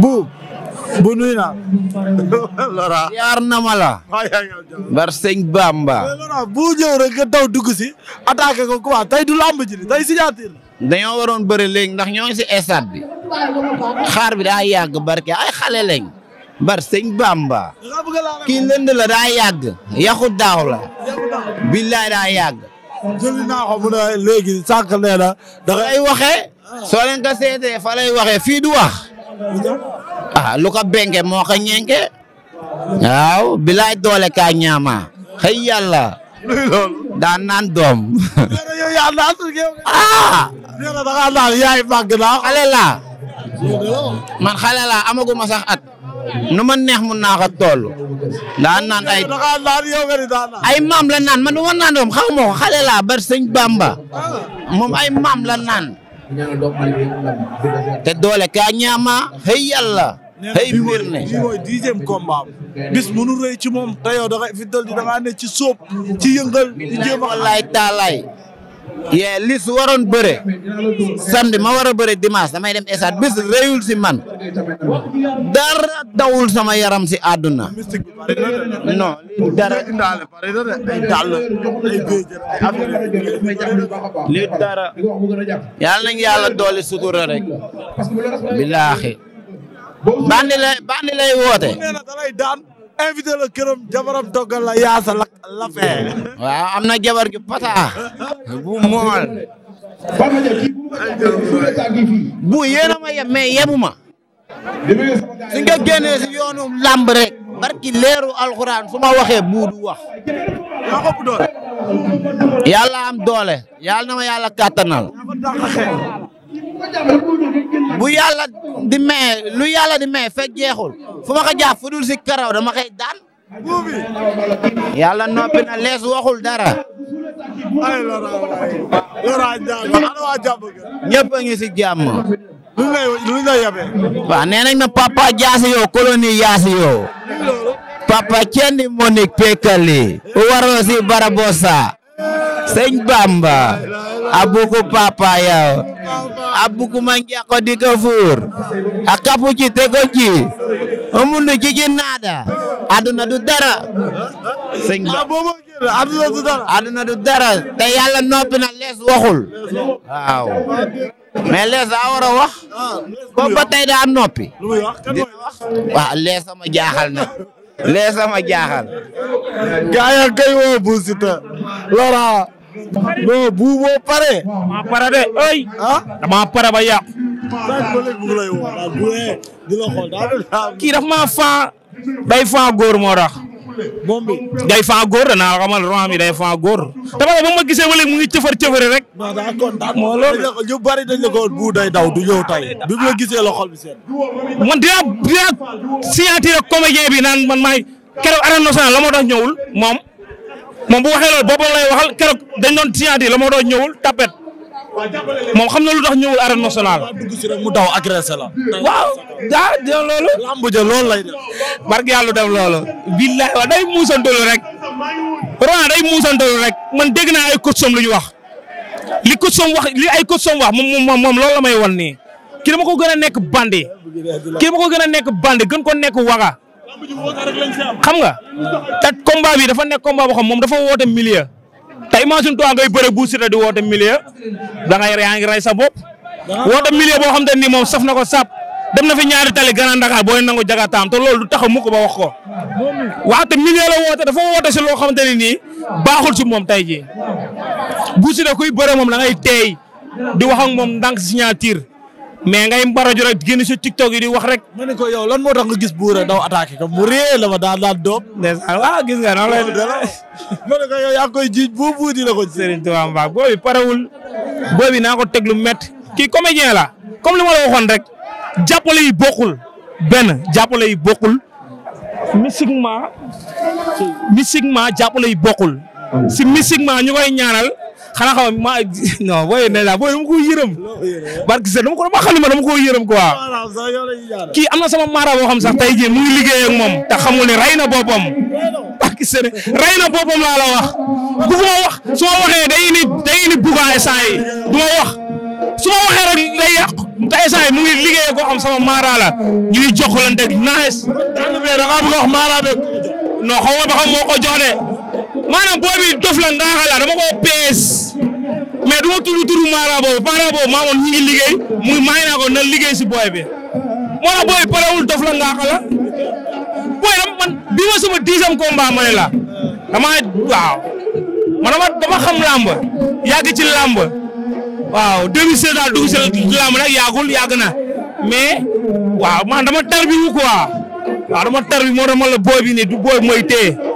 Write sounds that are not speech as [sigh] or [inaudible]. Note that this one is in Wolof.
buub bu nuy na yaar na ma la bar sëñ Bamba Lora bu ñëw rek nga daw dugg si attaqué ko quoi tey du lamb ji tey signature dañoo waroon bëri léegi ndax ñoo ngi si stade bi xaar bi daa yàgg barke ay xale bar sëñ Bamba kii lënd la daa yàgg yaxu daaw la billaay daa yàgg jëli naa ko mu ne soo leen ko seetee fa fii du wax ah lu ko benke moo ko ñenke waaw bilaay doole kaa ñaama xëy yàlla daan naan doom ah yaay màgg naa man xale laa amaguma sax at nu ma neex mun naax ko toll daan naan ay ay maam la naan man du naan doom xaw ma ko Bamba moom ay maam la naan te doole ka ñaama xëy yàlla. xëy mbir ne bii mooy dixième bis mënu rëy ci moom te yow da ngay fi ne ci sóob ci yëngal di jéem taalay yee li su bëre samedi ma war a bëre dimanche damay dem estade bis réyul si man dara dawul sama yaram si àdduna non dara li dara yàlla nañ dooli sutura rek bandi lay bandi lay la këram jabaram toggal la yaasa la la fee jabar ju pata bu mool. bu yéen ma yem mais yebu ma. su nga yoonu làmb rek. barki leeru alxuraan su ma waxee bu du wax. maa bu doole. yàlla am doole. yàlla na ma yàlla kàttanal. bu yàlla di may lu yàlla di may fekk jeexul fu ma ko jàpp fu dul si karaw dama koy daan. yàlla noppi na lees waxul dara. ay Laurent a ngi si jàmm. lu ñu lay lu nee nañ ma papa jaasi yoo colonie yaasi yoo. papa cendi Monique Pekali. waroo si Barabosa. sëñ Bamba abuku a yaw abuku manjako di kafur akapu ci tego ci amundu ci ci naada aduna du dara sëñ Bamba aduna du dara te yàlla noppi na lees waxul waaw mais lees a war wax boobu tey daa noppi lees sama jaaxal na lees sama jaaxal gaaya kay woo bu sita lora non bu boo pare. de ay. ah damaa pare ba yàqu. kii dafa maa faa. day faa góor moo tax. moom day faa góor danaa xamal roxam yi day faa góor. dama ne ba ma gisee wala mu ngi cëfar cëfari rek. moo loolu ñu ma gisee la xol bi seen. man dinaa dinaa man maay keroog arène nationale la moo tax moom bu waxee loolu boppam waxal keroog dañ doon tiyaati la moo doo ñëwul tapet moom xam na lu tax ñëwul arène nationale. mu daw agressé la. waaw ah dina loolu. lamb ja loolu lay yàlla def loolu. billahi wa day muusantalu rek. Roi day muusantalu rek man dégg naa ay coach lu ñu wax. li coach wax li ay coach wax moom moom moom loolu la may wan nii. ki dama ko gën a nekk bandi. ki dama ko gën a nekk bandi gën ko nekk waga. xam nga te combat bi dafa nekk combat a xam moom dafa woote milieu te imagine toi ngay bëre bu Siteu di woote milieu da ngay yaa ngi rey sa bopp. woote milieu boo xam te ni moom saf na ko sap dem na fi ñaari tali Grand Dakar booy nangu jagataam te loolu du taxaw mukk ba wax ko waaw te milieu la woote dafa woote si loo xamante ne nii baaxul si moom tey jii bu Siteu kuy bëre moom da ngay teey di wax ak moom ndànk signature mais ngay mbaraju rek génn sa tiktok yi di wax rek. ma ne ko yow lan moo tax nga gis buura daw attaqué ko mu réer la ma daal daal doom. ndeysaan waaw gis nga noonu lay [laughs] ma ne ko yow yaa koy jiiñ bu buudi la ko. Serigne Touba Mbacke boobi parewul boobi naa ko teg lu métti. kii comédien la comme li ma la waxoon rek jàppale yi bokkul benn jàppale yi bokkul mystiquement mystiquement jàppale yi bokkul si mystiquement ñu koy ñaanal. xanaa xaw ma maa non booy ne la booy dama ko yërëm. barke sax dama ko ma xalima dama ko yërëm quoi. kii am na sama maara boo xam sax tey jii mu ngi liggéey ak moom te xamul ne na boppam. barke na boppam laa la wax bu ma wax su ma waxee day indi day saa yi du ma wax su ma waxee rek day yàqu te saa mu ngi liggéey koo xam sama maara la ñu ngi jokkalante naaj. da ngaa bëgg a wax maara beeg non xaw ma ba xam moo ko jox de maanaam booy bi dof la ngaaxa pees. mais du ma tudd turu Mara maa moon ñu ngi liggéey muy may na liggéey si booy bi moo tax booy parewul dof la ngaa xala ma sama dixième combat ma la dama waaw man dama dama xam làmb yàgg ci waaw 2016 daal dugg si làmb nag yàggul yàgg na mais waaw man dama tarbi wu quoi dama tarbi moo dama la booy bi du booy mooy téye